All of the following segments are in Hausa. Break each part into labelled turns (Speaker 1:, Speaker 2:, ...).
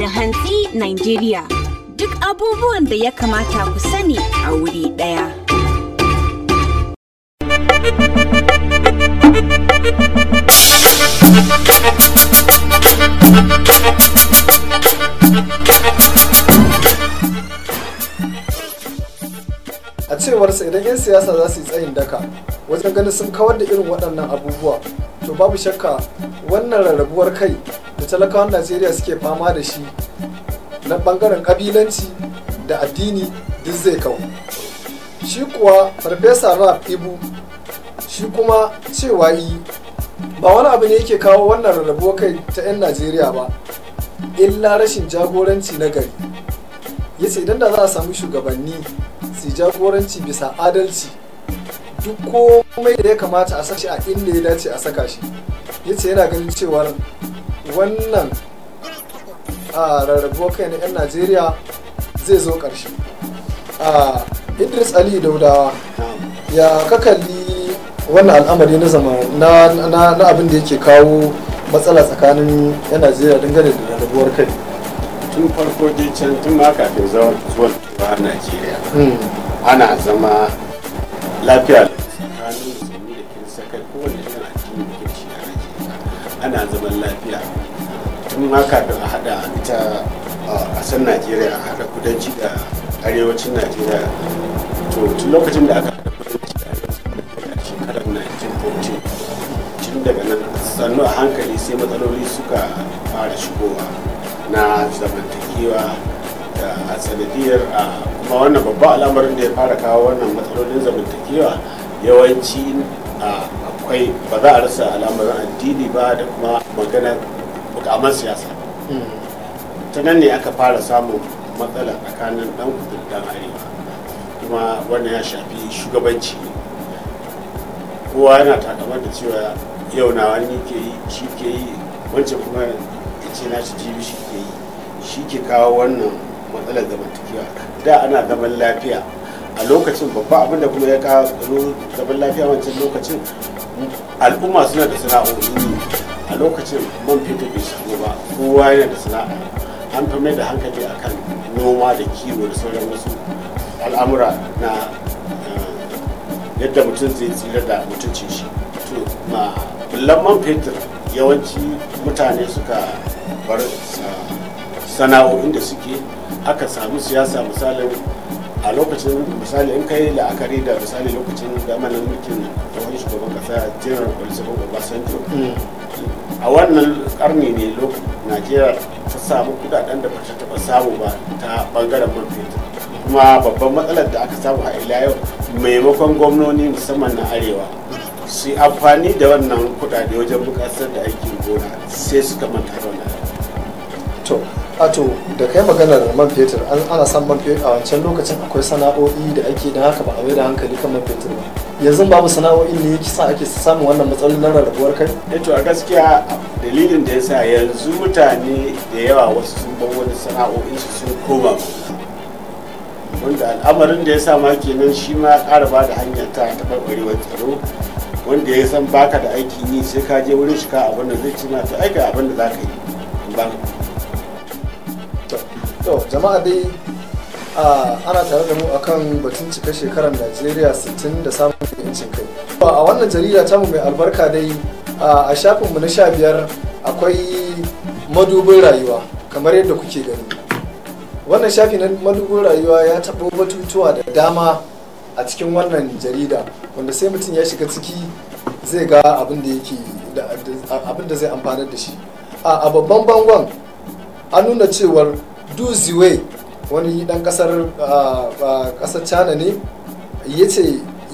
Speaker 1: da hantsi Nigeria. Duk abubuwan da ya kamata ku sani a wuri ɗaya.
Speaker 2: A cewarsa idan 'yan siyasa za su yi tsayin daka wajen ganin sun kawar da irin waɗannan abubuwa to babu shakka wannan rarrabuwar kai da talakawan najeriya suke fama da shi na ɓangaren ƙabilanci da addini duk zai kawo shi kuwa farfesa rap ibu shi kuma cewa yi ba wani abu ne yake kawo wannan rarrabuwar kai ta 'yan najeriya ba illa rashin jagoranci na gari ya idan da za a samu shugabanni su jagoranci bisa adalci duk komai da ya kamata a sashi a inda ya dace a saka shi ya ce yana ganin cewar wannan a rarrabuwar kai na 'yan najeriya zai zo ƙarshe a idris ali daudawa ya kakalli wannan al'amari na zama na abin da yake kawo matsala tsakanin 'yan najeriya dangane da rarrabuwar kai tun farko dai can tun ma kafin zuwan tuwa
Speaker 1: najeriya hmm. ana zama lafiya ana zaman lafiya tun ma da a hada ita kasar najeriya a hada kudanci da arewacin najeriya to tun lokacin da aka hada kudanci da arewacin najeriya a shekarar 1940 tun daga nan sannu a hankali sai matsaloli suka fara shigowa na zamantakewa da a sanadiyar a kuma wannan babban al'amarin da ya fara kawo wannan matsalolin zamantakewa yawanci akwai ba za a rasa al'amarin addini ba da kuma maganar mukamman siyasa ta nan ne aka fara samun matsala tsakanin dan kudu dan arewa kuma wannan ya shafi shugabanci kowa yana takama da cewa yau na wani ke yi shi ke yi wancan kuma ya ce na shi jibi shi ke yi shi ke kawo wannan matsalar zamantakewa da ana zaman lafiya a lokacin babba abinda kuma ya karu zaman lafiya wancan lokacin al'umma suna da sana'o'i ne a lokacin man fito bai shigo ba kowa yana da sana'a an fi mai da hankali akan noma da kiwo da sauran wasu al'amura na eh, yadda mutum zai tsira da mutuncin shi to ma bullan man fetur yawanci mutane suka bar eh, sana'o'in da suke aka samu siyasa misalin a lokacin misali in kai la'akari da misali lokacin damanin mulkin wani shugaban kasa jiran olusegun obasanjo a wannan karni ne najeriya ta samu kudaden da ba ta taba samu ba ta bangaren man fetur kuma babban matsalar da aka samu a ila yau maimakon gwamnoni musamman na arewa su yi amfani da wannan kudade wajen bukasar da aikin gona sai suka manta da wannan
Speaker 2: to ato ah, da kai maganar man fetur an ana san man fetur a wancan lokacin akwai sana'o'i da ake don haka ba a mai da hankali kan man fetur ba yanzu babu sana'o'in ne yake sa ake samun wannan matsalolin rarrabuwar kai eto
Speaker 1: eh, a gaskiya dalilin da yasa yanzu mutane da yawa wasu sun bar wani sana'o'in su sun koma wanda al'amarin da ya sa ma kenan shi ma ƙara ba da hanyar ta taɓarɓarewar tsaro wanda ya san baka da aikin yi sai ka je wurin shi ka abin da zai ci ma ta aika abin da za ka
Speaker 2: yi ba to jama'a dai ana tare da mu a kan batun cika shekarar najeriya 60 da samun yancin kai a wannan jarida tamu mai albarka dai a shafinmu na sha biyar akwai madubin rayuwa kamar yadda kuke gani wannan shafi na madubin rayuwa ya taɓo batutuwa da dama a cikin wannan jarida wanda sai mutum ya shiga ciki zai ga da abin da zai amfanar da shi a babban bangon an nuna cewar du ziwe wani dan kasar kasar china ne ya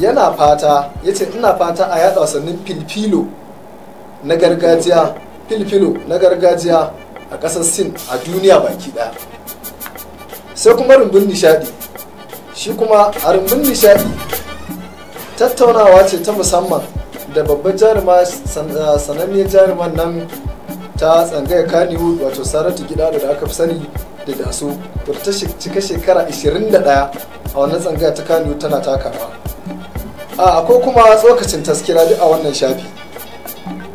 Speaker 2: yana fata ya ina fata a yada wasannin filfilo na gargajiya filfilo na gargajiya a kasar sin a duniya baki daya sai kuma rumbun nishadi shi kuma a rumbun nishadi tattaunawa ce ta musamman da babban jaruma sananniyar jaruman nan ta tsangaya kaniwu wato saratu gida da aka fi sani da daso da ta cika shekara 21 a wannan tsangaya ta kano tana takawa a akwai kuma tsokacin taskira duk a wannan shafi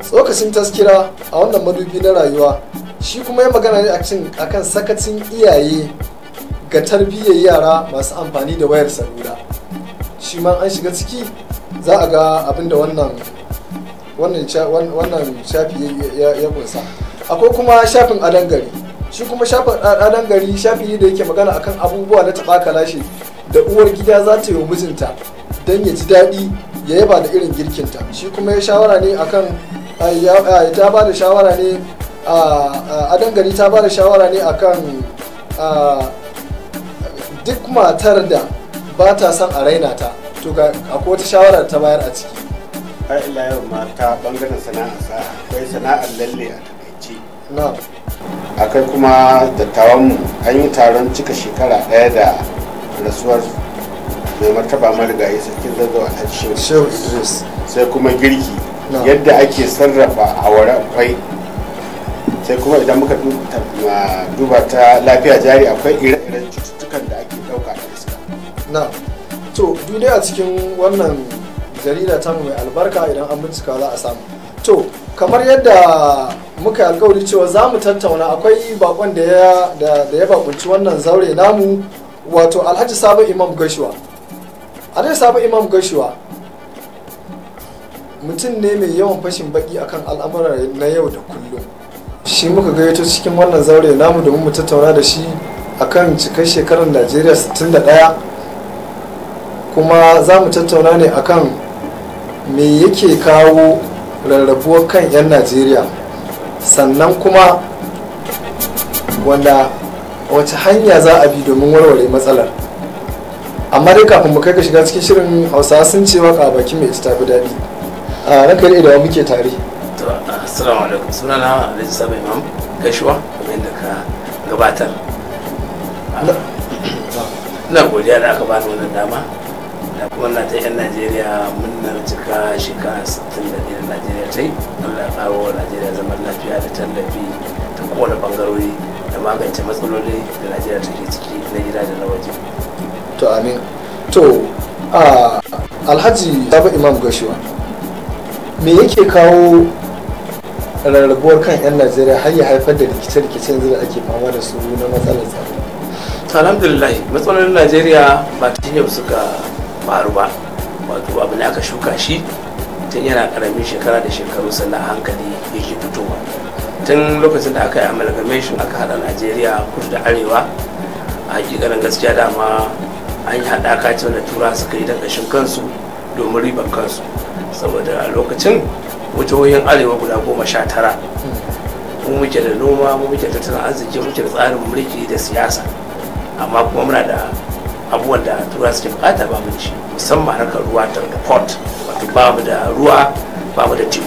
Speaker 2: tsokacin taskira a wannan madubi na rayuwa shi kuma ya magana ne a akan sakacin iyaye ga tarbiyyar yara masu amfani da wayar salula shi ma an shiga ciki za a ga abinda wannan wannan shafi ya kunsa akwai kuma shafin adangare shi kuma shafin ɗaɗan gari shafi ne da yake magana akan abubuwa na taɓakala shi da uwar gida za ta yi mijinta don ya ji daɗi ya yaba da irin girkinta shi kuma ya shawara ne akan ta ba da shawara ne a gari ta ba da shawara ne akan duk matar da ba ta son a raina ta to ga akwai wata shawara ta bayar a ciki har ila yau mata bangaren sana'a akwai sana'ar lalle a takaice
Speaker 1: akwai kuma dattawanmu an yi taron cika shekara ɗaya da rasuwar mai martaba marigayi sarkin zazzau a idris sai kuma girki yadda ake sarrafa awara kwai sai kuma idan muka duba ta lafiya jari akwai ire-iren cututtukan da ake ɗauka a iska
Speaker 2: na to duniya cikin wannan jarida ta mai albarka idan an bincika za a samu to kamar yadda muka yi alkawari cewa za mu tattauna akwai bakon da ya bakunci wannan zaure namu wato alhaji sabo imam gashuwa alhaji sabon imam gashuwa mutum ne mai yawan fashin baki akan al'amura na yau da kullum shi muka gayyato cikin wannan zaure namu domin mu tattauna da shi akan cikar shekarar najeriya 61 kuma za mu tattauna ne akan me yake kawo rarrabuwar kan 'yan najeriya sannan kuma wanda wace hanya za a bi domin warware matsalar amma dai kafin mu kai ka shiga cikin shirin hausawa sun ce waka baki mai ta fi daɗi a ranka da wa muke tare
Speaker 3: assalamu alaikum suna na alhaji sabai imam gaishuwa ka gabatar ina godiya da aka bani wannan dama da kuma na ta yan najeriya murnar cika shekara 61 najeriya Tai dole a kawo a najeriya zaman lafiya da tallafi ta kowane bangarori da magance matsaloli da najeriya take ciki na gida da na waje
Speaker 2: to amin to a alhaji sabo imam gashiwa me yake kawo rarrabuwar kan 'yan najeriya har ya haifar da rikice-rikice yanzu da ake fama da su na matsalar
Speaker 3: tsaro alhamdulillah matsalolin najeriya ba ta yau suka faru ba wato abu ne aka shuka shi tun yana karamin shekara da shekaru sannan hankali yake fitowa tun lokacin da aka yi amalgamation aka hada najeriya kudu da arewa a hakikanin gaskiya dama an yi haɗaka kaci da tura suka yi daga ƙashin kansu domin ribar kansu saboda a lokacin wucohin arewa guda goma sha tara mu muke da noma mu muke tattalin arziki muke da tsarin mulki da siyasa amma kuma muna da abubuwan da tura suke bukata ba mu ci musamman harkar ruwa da port ba mu da ruwa ba mu da teku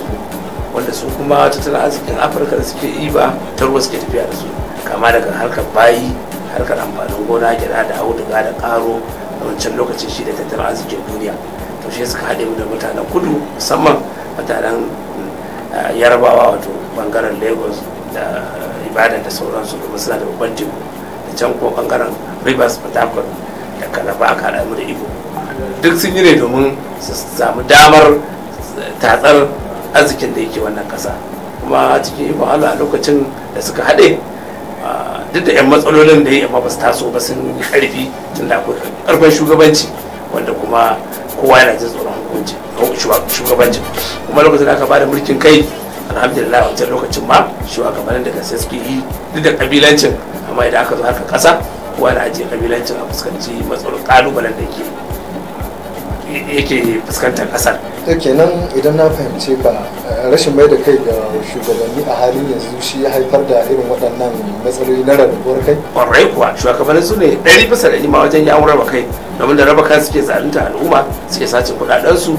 Speaker 3: wanda su kuma tattalin arzikin afirka da suke yi ba ta ruwa suke tafiya da su kama daga harkar bayi harkar amfanin gona gida da auduga da karo a wancan lokacin shi da tattalin arzikin duniya to shi suka haɗe mu da mutanen kudu musamman mutanen eh, yarabawa wato bangaren lagos da ibadan da sauransu domin suna da babban teku da can ko bangaren rivers port da kalaba aka haɗa mu da ibo. duk sun yi ne domin su samu damar tatsar arzikin da yake wannan kasa kuma cikin ikon allah a lokacin da suka haɗe duk da 'yan matsalolin da ya amma ba su taso ba sun yi ƙarfi tun da akwai ƙarfin shugabanci wanda kuma kowa yana jin tsoron hukunci shugabanci kuma lokacin da aka bada mulkin kai alhamdulillah wancan lokacin ma shugabannin daga sai suke yi duk da kabilancin amma idan aka zo haka ƙasa kowa na ajiye kabilancin a fuskanci matsalolin ƙalubalen da ke yake fuskantar kasar
Speaker 2: to eh, kenan idan na fahimce ba eh, rashin mai da kai ga shugabanni a halin yanzu shi ya haifar da irin waɗannan matsaloli na rarrabuwar kai
Speaker 3: ƙwarai kuwa shugabanni su ne ɗari bisa ɗari ma wajen yawon raba kai domin da raba suke zalunta al'umma suke sace kuɗaɗensu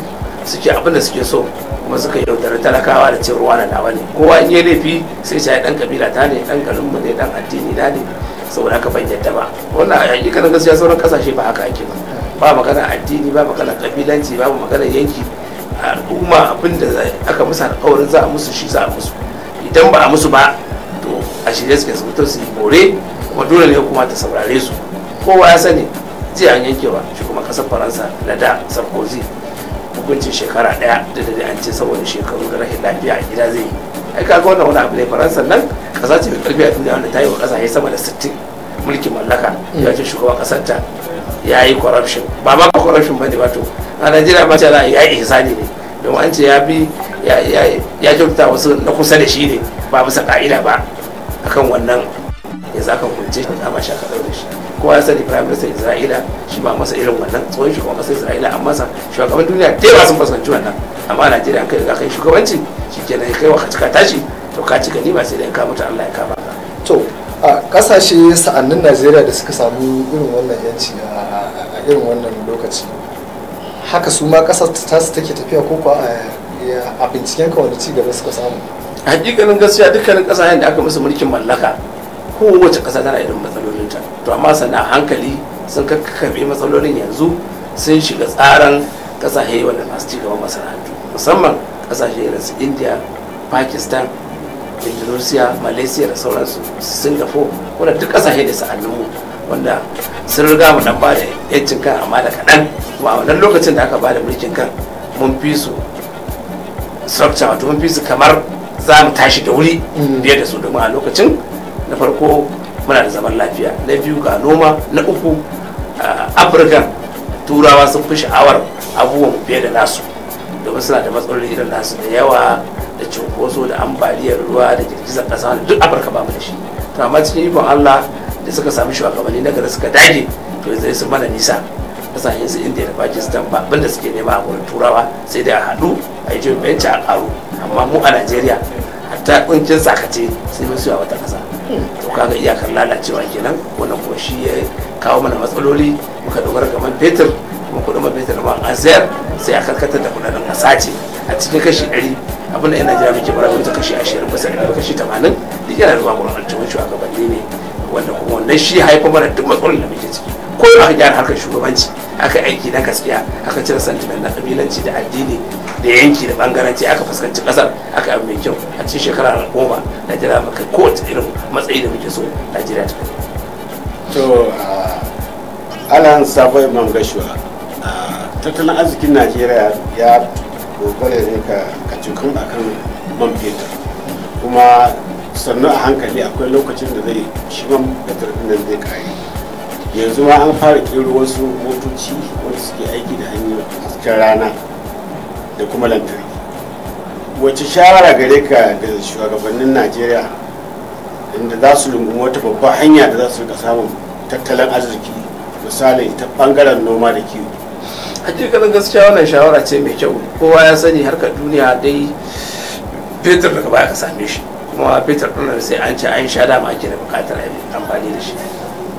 Speaker 3: suke abin da suke so kuma suka yaudara talakawa da cin ruwa na nawa ne kowa in yi laifi sai shi ɗan kabila ta ne dan garinmu ne ɗan addini na ne saboda haka ban yadda ba wannan a hakikanin gaskiya sauran kasashe ba haka ake ba ba magana addini ba magana kabilanci ba magana yanki al'umma abin da aka musu alkawarin za a musu shi za a musu idan ba a musu ba to a shirye suke su fito su yi bore kuma dole ne kuma ta saurare su kowa ya sani zai an yankewa kuma kasar faransa na da sarkozy hukuncin shekara daya da dare an ce saboda shekaru da rashin lafiya a gida zai yi ai kaga wannan wani abu ne faransa nan kasa ce mai karfi a duniya wanda ta yi wa kasashe sama da sittin. mulkin mallaka ya ce shugaban kasar ta ya yi corruption ba ba corruption ba ne ba to a najeriya ba ce za a yi ihsani ne don an ce ya bi ya kyauta wasu na kusa da shi ne ba bisa ka'ida ba akan wannan ya za ka kunce da ba shaka da shi kowa ya sani prime minister isra'ila shi ba masa irin wannan tsohon shugaban kasar isra'ila an masa shugaban duniya ta yi sun fasanci wannan amma najeriya kai ga kai shugabanci shi kenan ya kai wa ka cika tashi to ka ci gani ba sai da kama ta allah ya kama ka
Speaker 2: to a kasashe sa'annin najeriya da suka samu irin wannan yanci a irin wannan lokaci haka su ma kasar ta su take tafiya ko kuwa a binciken ka wani cigaba suka samu
Speaker 3: hakikalin gaskiya dukkanin kasashen da aka musu mulkin mallaka kowace kasa tana irin matsalolin ta. to amma sannan hankali sun kakkabe matsalolin yanzu sun shiga tsarin kasashe wanda masu cigaba masana'antu musamman kasashe irin su india pakistan indonesia malaysia da sauransu singapore wadda duk kasashe da sa'annunmu wanda sun riga mu dan bada yancin kan amma da kaɗan kuma a wannan lokacin da aka bada mulkin kan mun fi su structure wato mun fi su kamar za mu tashi da wuri biye mm. da su domin a lokacin na farko muna da zaman lafiya na biyu ga noma na uku afirka turawa sun fi sha'awar abubuwan fiye da nasu domin suna da matsaloli irin nasu da yawa da cunkoso da ambaliyar ruwa da girgizar kasa da duk abarka ba mu da shi to amma cikin ikon allah da suka sami shugabanni na gari suka dage to zai su mana nisa kasashen su india da pakistan ba abinda suke nema a wurin turawa sai dai a haɗu a yi jin benci a ƙaru amma mu a najeriya hatta kuncin sakace sai mun suya wata kasa to kaga iyakar lalacewa kenan wannan kuma shi ya kawo mana matsaloli muka dogara kamar fetur kuma kuɗin man fetur ma sayar sai a karkatar da kuɗaɗen kasa ce a cikin kashi ɗari abin da yana jira miki mara ta kashi ashirin ba sai da kashi tamanin duk yana da magurin alcewar shugabanni ne wanda kuma wannan shi haifa mana duk matsalolin da muke ciki ko aka gyara harkar shugabanci aka aiki na gaskiya aka cire santimen na kabilanci da addini da yanki da bangaranci aka fuskanci kasar aka abu mai kyau a cikin shekara goma jira maka kowace irin matsayi da muke so jira ta
Speaker 1: to ah, alan safai mangashuwa ah, tattalin arzikin najeriya ya dogara ne ka cikin akan man fetur kuma sannu a hankali akwai lokacin da zai shi man fetur nan zai kare yanzu ma an fara kero wasu motoci wanda suke aiki da hanyar hasken rana da kuma lantarki wace shawara gare ka da shugabannin najeriya inda za su lungu wata babbar hanya da za su rika samun tattalin arziki misali ta bangaren
Speaker 3: noma da kiwo hakikalin gaskiya wannan shawara ce mai kyau kowa ya sani harkar duniya dai fetur daga baya ka same shi kuma fetur ɗanar sai an ce an sha dama ake da bukatar amfani da shi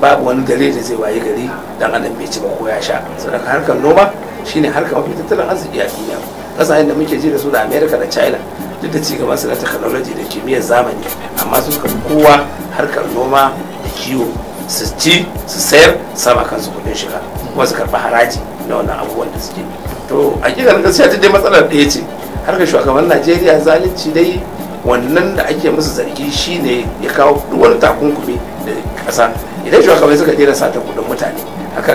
Speaker 3: babu wani gari da zai waye gari dan adam bai ci ba ko ya sha saboda harkar noma shine harkar mafi tattalin arziki a duniya kasashen da muke ji da su da america da china duk da ci gaban su na technology da kimiyyar zamani amma su suka kowa harkar noma da kiwo su ci su sayar sama kansu kudin shiga kuma su karɓi haraji na wannan abubuwan da suke to a kiran gaskiya ta dai matsalar ɗaya ce harkar shugaban najeriya zalunci dai wannan da ake musu zargi shine ya kawo duk takunkumi da ƙasa idan shugabai suka daina sata kudin mutane aka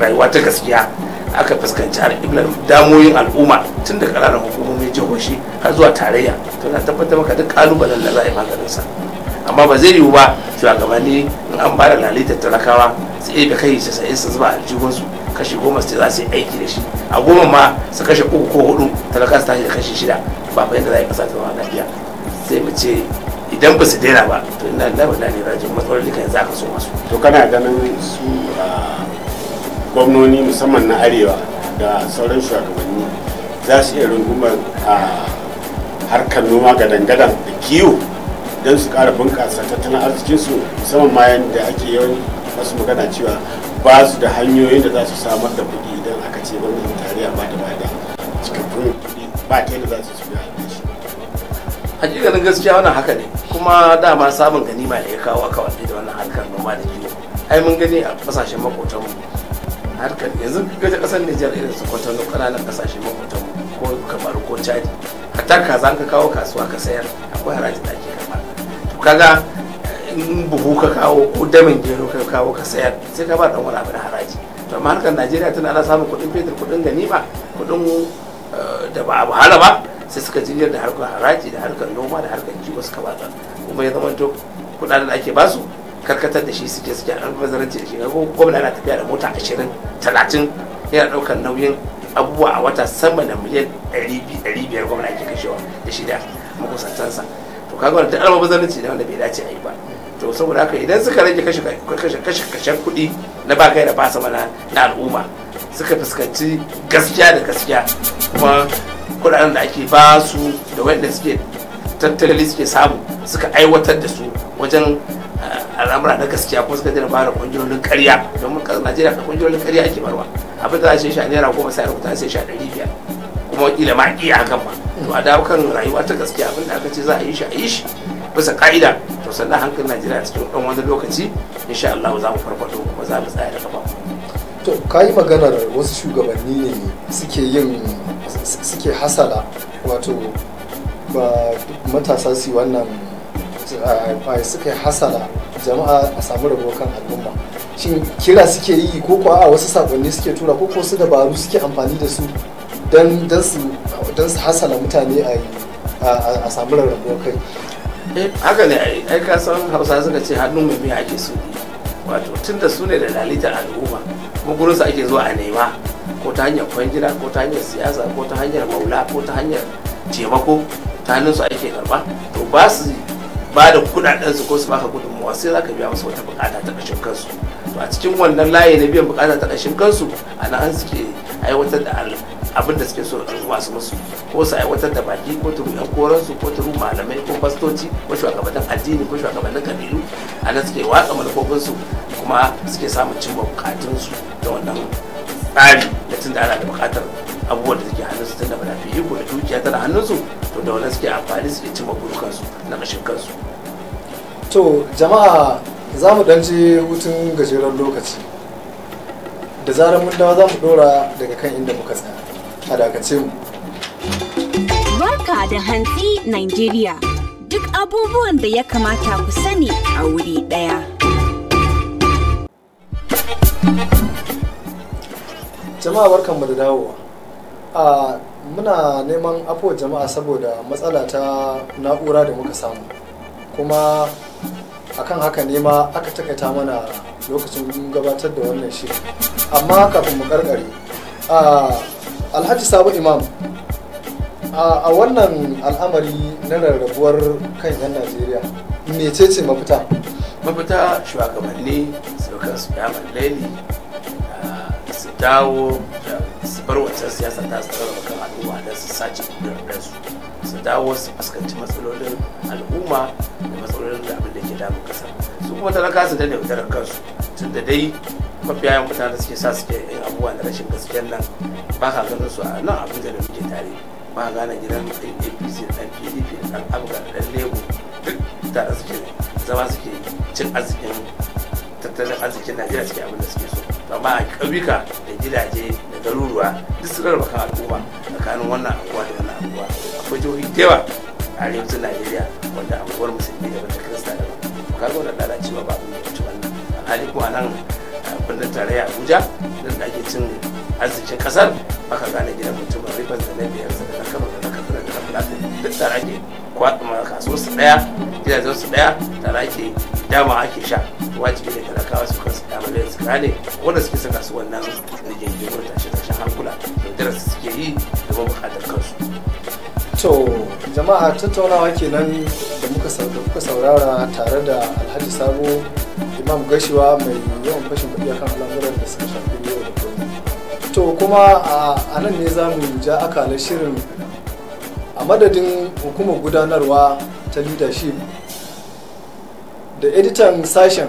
Speaker 3: rayuwa ta gaskiya aka fuskanci al'iblar damoyin al'umma tun da ƙananan hukumomin jihohi har zuwa tarayya to na tabbatar maka duk kalubalen da za a yi maganin sa amma ba zai yiwu ba shugabanni in an ba da lalitar talakawa su da kai su sai su zuba aljihunsu kashi goma su za su yi aiki da shi a goma ma su kashe uku ko hudu talaka su tashi da kashi shida ba fa yadda za a yi kasa ta zama lafiya sai mu ce idan ba su daina ba to ina da ba dani rajin matsaloli kan za ka so masu to kana ganin su
Speaker 1: gwamnoni musamman na arewa da sauran shugabanni za su iya rungumar a harkar noma ga dangadan da kiwo don su kara bunƙasa tattalin arzikinsu musamman ma yadda ake yawan wasu magana cewa basu da hanyoyin da za su samar da kuɗi idan aka ce wani tarayya ba ta bada cikakkun kuɗi ba ta yadda za su su
Speaker 3: hakikanin gaskiya wannan haka ne kuma dama samun ganima da ya kawo aka wanda da wannan harkar noma da kiwo ai mun gani a kasashen makotanmu harkar yanzu kaje kasar Nijar irin su kwatano kananan kasashe makotanmu ko kamar ko chadi a taka za ka kawo kasuwa ka sayar akwai haraji da ake kama kaga in buhu ka kawo ko damin gero ka kawo ka sayar sai ka ba dan wani abu da haraji to amma harkar najeriya tana ana samun kuɗin fetur kuɗin ganima kuɗin eh, da ba a wahala ba sai suka jinyar da harkar haraji da harkar noma da harkar kiwo suka bata kuma ya zama to kuɗaɗen da ake basu karkatar da shi suke suke an bazaranci da shi ga gwamna na tafiya da mota ashirin talatin yana ɗaukar nauyin abubuwa a wata sama da miliyan ɗari biyar gwamna ake kashewa da shi da makusantansa to kaga wani duk almabazzaranci ne wanda bai dace a yi ba to saboda haka idan suka rage kashe kuɗi na ba kai da fasa mana na al'umma suka fuskanci gaskiya da gaskiya kuma kuɗaɗen da ake ba su da wanda suke tattali suke samu suka aiwatar da su wajen eh, al'amura na gaskiya ko suka dina fara kungiyoyin karya domin kasar najeriya ka kungiyoyin karya ake barwa abin da za a shi naira goma sai a rubuta sai shi ɗari biyar kuma wakila ma iya hakan ba to a dawo kan rayuwa ta gaskiya abin da aka ce za a yi shi a yi shi bisa ka'ida to sannan hankalin najeriya cikin dan wani lokaci insha Allah za mu farfato kuma za mu tsaya da kafa
Speaker 2: to ka yi maganar wasu shugabanni ne suke yin suke hasala wato matasa su wannan suka suke hasala jama'a a samu rabo kan al'umma shin kira suke yi ko kuwa a wasu sakonni suke tura ko su dabaru suke amfani da su don su hasala mutane a samu rabo kai
Speaker 3: Eh, haka ne
Speaker 2: ai ka san hausa
Speaker 3: suka ce hannun mai biya ake so wato tun da su ne da lalitar al'umma kuma gurin su ake zuwa a nema ko ta hanyar kwangila ko ta hanyar siyasa ko ta hanyar maula ko ta hanyar taimako ta hannun su ake karba to ba su ba da kudaden su ko su baka gudunmawa sai za ka biya musu wata bukata ta kashin kansu to a cikin wannan layi na biyan bukata ta kashin kansu a nan suke aiwatar da abin da suke so masu musu ko su aiwatar da baki ko ta yan su ko turu malamai ko fastoci ko shugabannin addini ko shugabannin kabilu a nan suke watsa manufofinsu kuma suke samun cimma bukatunsu da wannan tsari da tun da ana da bukatar abubuwan da suke hannunsu tun da ba fiye ko da dukiya tana hannunsu to da wannan suke amfani suke cimma su na kashin kansu.
Speaker 2: to jama'a za mu je hutun gajeren lokaci da zarar mun dawo za mu ɗora daga kan inda muka tsaya. a dakace mu.
Speaker 1: Barka da hantsi Nigeria duk abubuwan da ya kamata ku sani a
Speaker 2: wuri ɗaya. Jama'a barkanmu da dawowa. A muna neman afo jama'a saboda matsala ta na'ura da muka samu kuma akan haka ne ma aka takaita mana lokacin gabatar da wannan shi amma kafin mu karkare alhaji sabu imam a wannan al'amari na rarrabuwar kan 'yan najeriya ce mafita mafita shugabanni su kan su ya laili su
Speaker 3: dawo su bar wancan siyasa ta tsarar kan al'umma da su sace da su su dawo su fuskanci matsalolin al'umma da matsalolin da abin da ke damun kasa su kuma talaka su dane wutarar kansu tun da dai mafiya yan mutane suke sa suke yin abubuwa na rashin gaskiyar nan ba ka ganin su a nan abin da muke tare ba gane gidan apc dan pdp dan abuga dan lebo duk tare suke zama suke cin arzikin tattalin arzikin najeriya suke abin da suke so amma a ƙauyuka da gidaje da garuruwa duk su rarraba kan al'umma tsakanin wannan abuwa da wannan abuwa akwai jihohi da yawa a arewacin najeriya wanda abubuwar musulmi da wata kirista da ba kaga da lalacewa ba abin da ya wuce wannan halin kuma nan birnin tarayya abuja nan da ake cin arzikin kasar aka gane gidan mutumin ribar da na biyar da na kama da na da kafin filatin duk tare ake kwaɗa kaso su ɗaya gidajen su ɗaya tare ake dama ake sha wajibi ne talakawa su kansu dama da yanzu gane wanda suke saka su wannan
Speaker 2: rigingimin tashe-tashen hankula da su suke yi da buƙatar kansu to jama'a tattaunawa kenan da muka saurara tare da alhaji sabo imam gashiwa mai yawan fashin kuɗi akan al'amuran da suka shafi to kuma a nan ne za mu ja akalar shirin a madadin hukumar gudanarwa ta leadership da editan sashen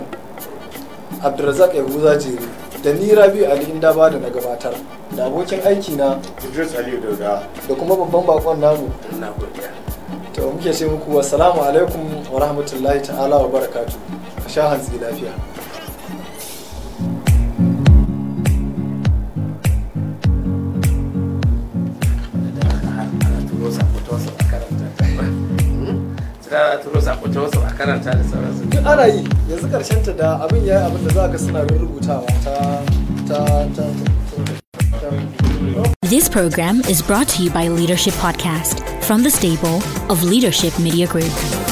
Speaker 2: abdulrazak yahuza jere da ni rabi ali inda ba da na gabatar da abokin aiki na idris da kuma babban bakon namu to muke ce muku wasu alaikum wa rahmatullahi ta'ala wa barakatu a sha hantsi lafiya
Speaker 3: karanta da sauransu duk
Speaker 2: ana yi yanzu karshen ta da abin ya abin da rubutawa ta ta ta This program is brought to you by Leadership Podcast from the stable of Leadership Media Group.